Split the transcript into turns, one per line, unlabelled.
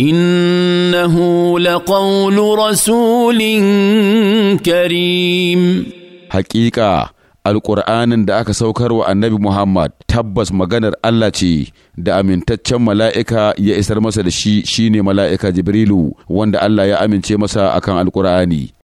انه لقول رسول كريم حقيقه alƙur'anin da aka saukar wa annabi Muhammad tabbas maganar Allah ce da amintaccen mala'ika ya isar masa da shi shine mala'ika Jibrilu wanda Allah ya amince masa akan alƙur'ani.